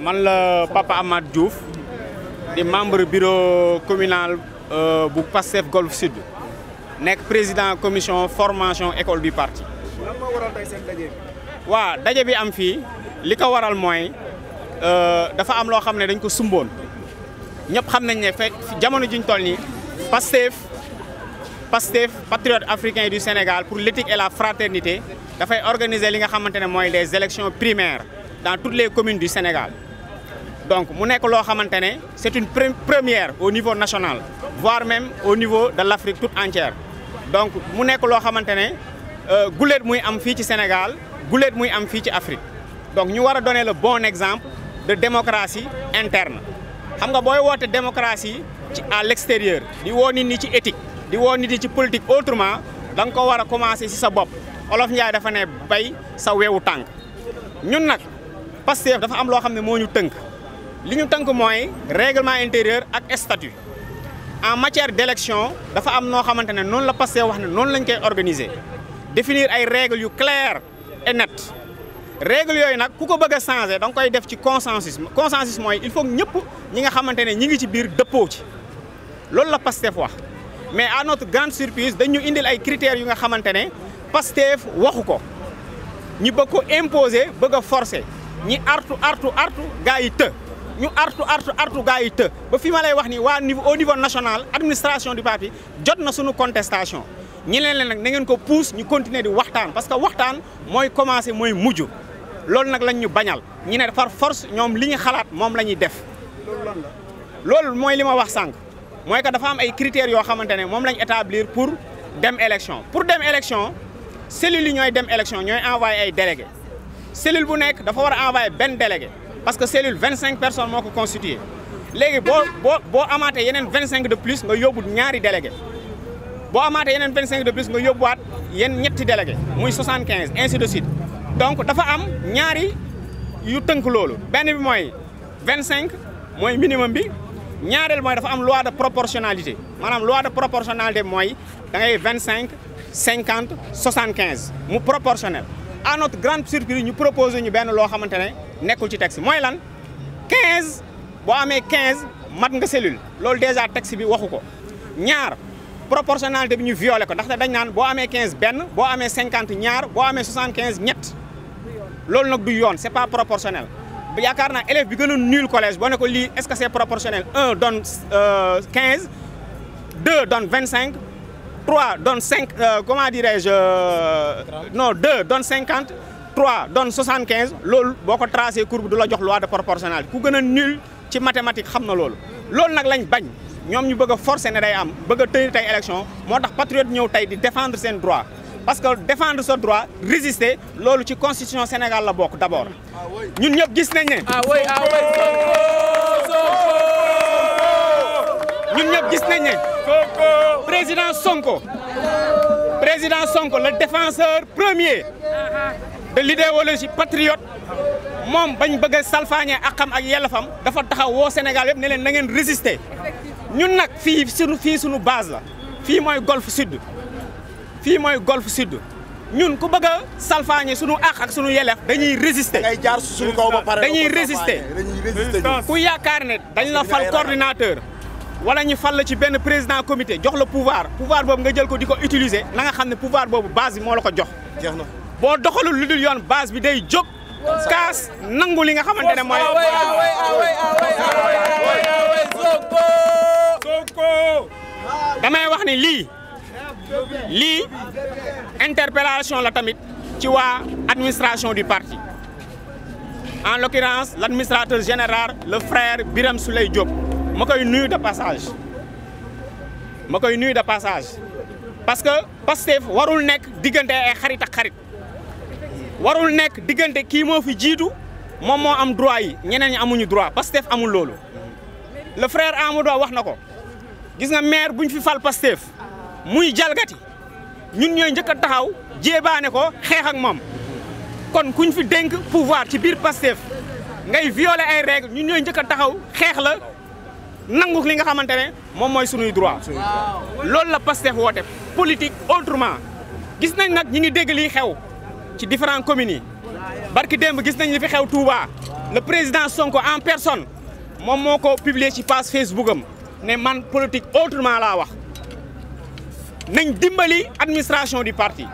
man la Papa Amath Diouf di membre bureau communal euh, bu Pastef Golf Sud nekk président commission formation école du parti. waa moo daje bi. am fii li ko waral mooy euh, dafa am loo xam ne dañ ko sumboon ñëpp xam nañ ne fekk jamono jiñ toll nii Pastef Pastef patriote africain du Sénégal pour l'éthique et la fraternité dafay organiser li nga xamante ne mooy les élections primaires dans toutes les communes du Sénégal donc mu nekk loo xamante ne c'est une première au niveau national voire même au niveau de l'Afrique toute entière donc mu nekk loo xamante ne euh, guléet muy am fii ci Sénégal guléet muy am fii ci Afrique donc ñu war a donner le bon exemple de démocratie interne xam nga booy woote démocratie ci à l'extérieur di woo nit ñi ci éthique di woo nit ci politique autrement danga nga war a commencer si sa bopp Olof Njaay dafa ne bay sa wewu tànk ñun nag Pastef dafa am loo xam ne moo ñu tënk li ñu tënk mooy réglement intérieur ak statut en matière d' dafa am noo xamante ne noonu la Pastef wax ne noonu lañ koy organiser définir ay règles yu claires et nettes règles yooyu nag ku ko bëgg a dang koy def ci consensus consensus mooy il faut ñëpp ñi nga xamante ne ñi ngi ci biir dëppoo ci loolu la Pastef wax mais à not grande surprise dañu indil ay critères yu nga xamante ne Pastef waxu ko ñi bëgg ko imposer bëgg a forcer ñi artu artu artu gars yi të ñu artu artu artu gars yi të ba fi ma lay wax ni waa niveau au niveau national administration du parti jot na suñu contestation ñi leen leen nag na ko pousse ñu continuer di waxtaan parce que waxtaan mooy commencer mooy mujj loolu nag lañ ñu bañal ñi ne par force ñoom li ñu xalaat moom la ñuy def loolu mooy li ma wax sànq mooy que dafa am ay critères yoo xamante ne moom lañ établir pour dem élection pour dem élection cellules yi ñooy dem élection ñooy envoyé ay délégué cellule bu nekk dafa war a envoyé benn délégué parce que cellule vingt cinq personnes moo ko constitué léegi boo boo boo amaatee yeneen vingt cinq de plus nga yóbbu ñaari délégué boo amaatee yeneen vingt cinq de plus nga yóbbuwaat yen ñetti délégué muy soixante quinze ainsi de suite donc dafa am ñaari yu tënk loolu benn bi mooy vingt cinq mooy minimum bi ñaareel mooy dafa am loi de proportionnalité maanaam loi de proportionnalité mooy da vingt cinq cinquante soixante quinze mu proportionnel à notre grande surprise ñu proposé ñu benn loo xamante ne nekkul ci texte mooy lan 15 boo amee 15 mat nga cellule loolu déjà texte bi waxu ko ñaar proportionnalité bi ñu violé ko ndaxte dañ naan boo amee 15 benn boo amee 50 ñaar boo amee 75 ñett loolu nag du yoon c'est pas proportionnel yaakaar naa élève bi gën a nul collège boo ne ko lii est-ce que c'est proportionnel 1 donne 15 euh, 2 donne 25 3 euh, comment dirais-je euh, non 2 donne 50 3 donne 75 loolu boo ko tracé courbe du la jox loi de proportionnalité ku gën a nul ci mathématique xam na loolu loolu nag lañ bañ ñoom ñu bëgg a forcer day am bëgg a tëni tey moo tax patriote ñëw tey di défendre seen droit parce que défendre sa droit résister loolu ci constitution Sénégal la bokk d' abord ñun ñëpp gis nañ ne ah ah ñun ñëpp gis nañ ne président Sonko président Sonko le défenseur premier de l'idéologie patriote moom bañ bëgg a salfaañee ak xam dafa taxaw woo Sénégal ne leen na ngeen résister ñun nag fii sunu fii sunu base la fii mooy golfe sud fii mooy golfe sud ñun ku bëgg a salfaañe sunu àq ak sunu yelef dañuy résister ngay jaar sunu kaw ba pare dañuy résister ku yaakaar ne dañ la fal coordinateur wala ñu fal la ci benn président comité jox la pouvoir pouvoir boobu nga jël ko di ko utiliser na nga xam ne pouvoir boobu base bi moo la ko jox boo doxalul lu dul yoon base bi day jóg kaas nangu li nga xamante ne mooy. damay wax ni lii lii interpellation la tamit ci waa administration du parti en l'occurrence l'administrateur général le frère Birame Souleye Diop ma koy nuyu de passage ma koy nuyu de passage parce que Pastef warul nekk diggante ay xarit xarit. warul nekk diggante kii moo fi jiitu moom moo am droit yi ñeneen ñi amuñu droit Pastef amul loolu le frère Amadou wax na ko gis nga maire buñ fi fal Pastef muy jalgati ñun ñooy njëkk a taxaw jéebaane ko xeex ak moom kon kuñ fi dénk pouvoir ci biir Pastef ngay viole ay règles ñun ñooy njëkk a taxaw xeex la nangu li nga xamante ne moom mooy sunuy droit loolu la Pastef woote politique autrement gis nañ nag ñi ngi dégg lii xew ci différents communes yi barki démb gis nañ li fi xew Touba le président Sonko en personne moom moo ko publier ci page Facebook am ne man politique autrement laa wax nañ dimbali administration di parti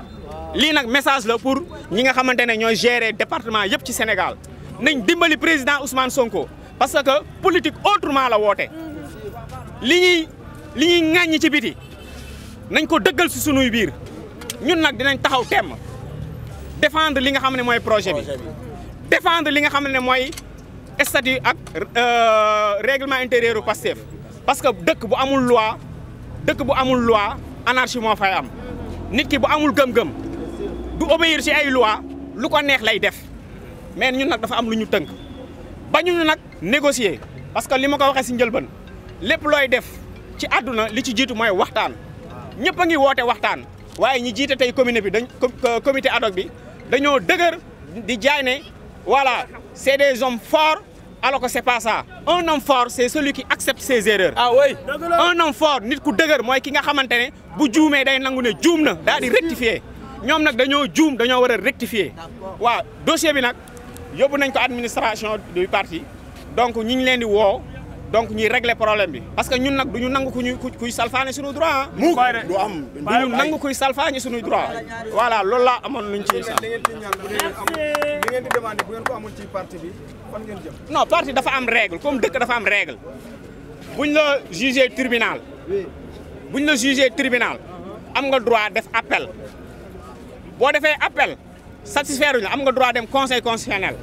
lii nag message la pour ñi nga xamante ne ñooy gérer département yëpp ci Sénégal nañ dimbali président Ousmane Sonko parce que politique autrement la woote li ñuy li ñuy ŋàññi ci biti nañ ko dëggal si sunuy biir ñun nag dinañ taxaw temm défendre li nga xam ne mooy projet bi défendre li nga xam ne mooy statut ak euh, règlement intérieur u Pastef parce que dëkk bu amul loi dëkk bu amul loi anarchie moo fay am nit ki bu amul gëm-gëm du obéir ci ay loi lu ko neex lay def mais ñun nag dafa am lu ñu tënk ba ñu nag négocier parce que li ma ko waxee si njëlbeen lépp looy def ci àdduna li ci jiitu mooy waxtaan ñëpp a ngi woote waxtaan waaye ñi jiite tey comité bi dañ comité ad hoc bi dañoo dëgër di jaay ne voilà c' est des hommes forts alors que c' est pas ça un homme fort c' est celui qui accepte ses erreurs. ah oui un nit ku dëgër mooy ki nga xamante ne bu juumee day nangu ne juum na daal di rectifier ñoom nag dañoo juum dañoo war a waa waaw bi nag yóbbu nañ ko administration du parti donc ñi ngi leen di woo. donc ñii réglé problème bi parce que ñun nag du ñu nangu ku ñuy kuy salfaane suñu droit ah. mu du am du ñu nangu kuy salfaane suñu droit voilà loolu la amoon luñ ci sax. ngeen di demandé ko amul ci parti bi fan parti dafa am règle comme dëkk dafa am règle buñ la jugé tribunal buñ la jugé tribinal am nga droit def appel boo defee appel satisfaire ñu am nga droit dem conseil constitutionnel.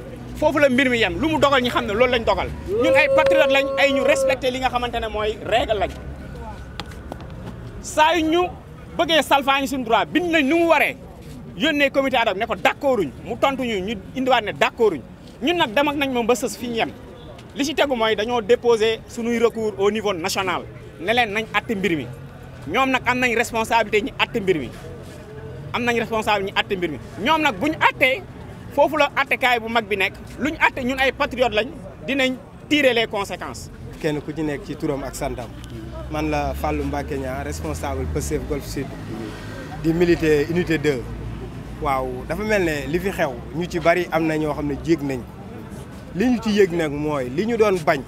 foofu la mbir mi yem lu mu dogal ñi xam ne loolu lañ dogal ñun ay patriote lañ ay ñu respecté li nga xamante ne mooy règle lañ saa yu ñu bëggee salfaañi suñu droit bind nañ nu mu waree yónnee comité ad hoc ne ko d'accorduñ mu tontu ñu ñu indiwaat ne d'accorduñ ñun nag dem nañ moom ba sës fi ñu li si tegu mooy dañoo déposé suñuy recours au niveau national ne leen nañ àtte mbir mi ñoom nag am nañ responsabilité ñi àtte mbir mi am nañ responsabilité ñoom nag bu ñu àttee foofu la attekaay bu mag bi nekk luñ atte ñun ay patriotes lañ dinañ tirer les conséquences. kenn ku ci nekk ci turoom ak santam man la Fallou Mbacké Niang responsable Pastef Golf si di militer unité 2 waaw dafa mel ne li fi xew ñu ci bari am na ñoo xam ne jéeg nañ li ñu ci yëg nag mooy li ñu doon bañ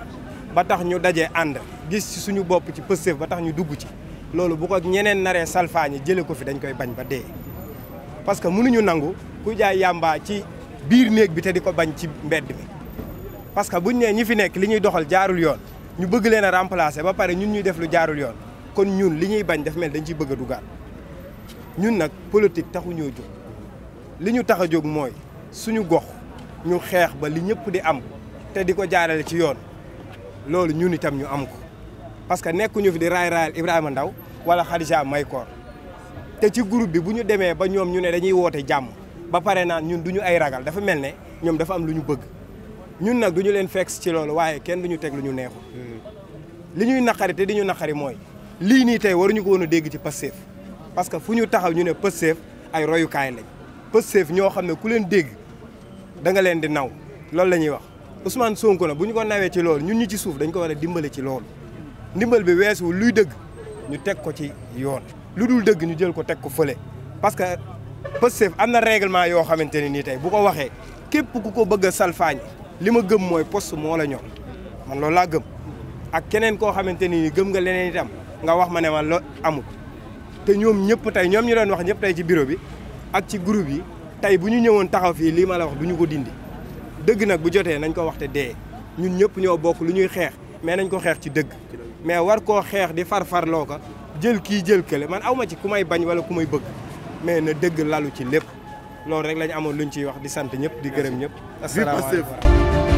ba tax ñu daje ànd gis ci suñu bopp ci Pastef ba tax ñu dugg ci loolu buko ko ñeneen naree salfaañi jëlee ko fi dañ koy bañ ba dee parce que mënuñu nangu ku jaay ci biir néeg bi te di ko bañ ci mbedd mi parce que buñ nee ñi fi nekk li ñuy doxal jaarul yoon ñu bëgg leen a remplacer ba pare ñun ñuy def lu jaarul yoon kon ñun li ñuy bañ daf mel dañ ciy bëgg a ñun nag politique taxu ñoo jóg li ñu tax a jóg mooy suñu gox ñu xeex ba li ñëpp di am te di ko jaarale ci yoon loolu ñun itam ñu am ko parce que nekkuñu fi di raay raayal Ibrahima Ndaw wala Khadija Maykor te ci groupe bi bu ñu demee ba ñoom ñu ne dañuy woote jàmm ba pare naan ñun du ñu ay ragal dafa mel ne ñoom dafa am lu ñu bëgg ñun nag du ñu leen fekk ci loolu waaye kenn du ñu teg lu ñu neexul hmm. li ñuy naqari te di ñu naqari mooy lii nii tey waruñu ko woon a dégg ci parce que fu ñu taxaw ñu ne Pastef ay royukaay lañ Pastef ñoo xam ne ku leen dégg da nga leen di naw loolu la ñuy wax Ousmane Sonko na bu ñu ko nawee ci loolu ñun ñi ci suuf dañ ko war a dimbale ci loolu ndimbal bi weesu luy dëgg ñu teg ko ci yoon lu dul dëgg ñu jël ko teg ko fële parce Pastef am na règlement yoo xamante ne nii tey bu ko waxee képp ku ko bëgg a salfaañ li ma gëm mooy poste moo la ñor man loolu laa gëm ak keneen koo xamante ni gëm nga leneen itam nga wax ma ne ma lo amul te ñoom ñëpp tey ñoom ñu doon wax ñëpp tey ci bureau bi ak ci groupe yi tey bu ñu ñëwoon taxaw fii lii ma la wax du ñu ko dindi dëgg nag bu jotee nañ ko wax te dee ñun ñëpp ñoo bokk lu ñuy xeex mais nañ ko xeex ci dëgg mais war koo xeex di farfarloo ko jël kii jël kële man awma ci ku may bañ wala ku may bëgg mais na dëgg lalu ci lépp loolu rek lañu amoon lu ñu ciy wax di sant ñëpp di gërëm ñëpp asalaamaaleykum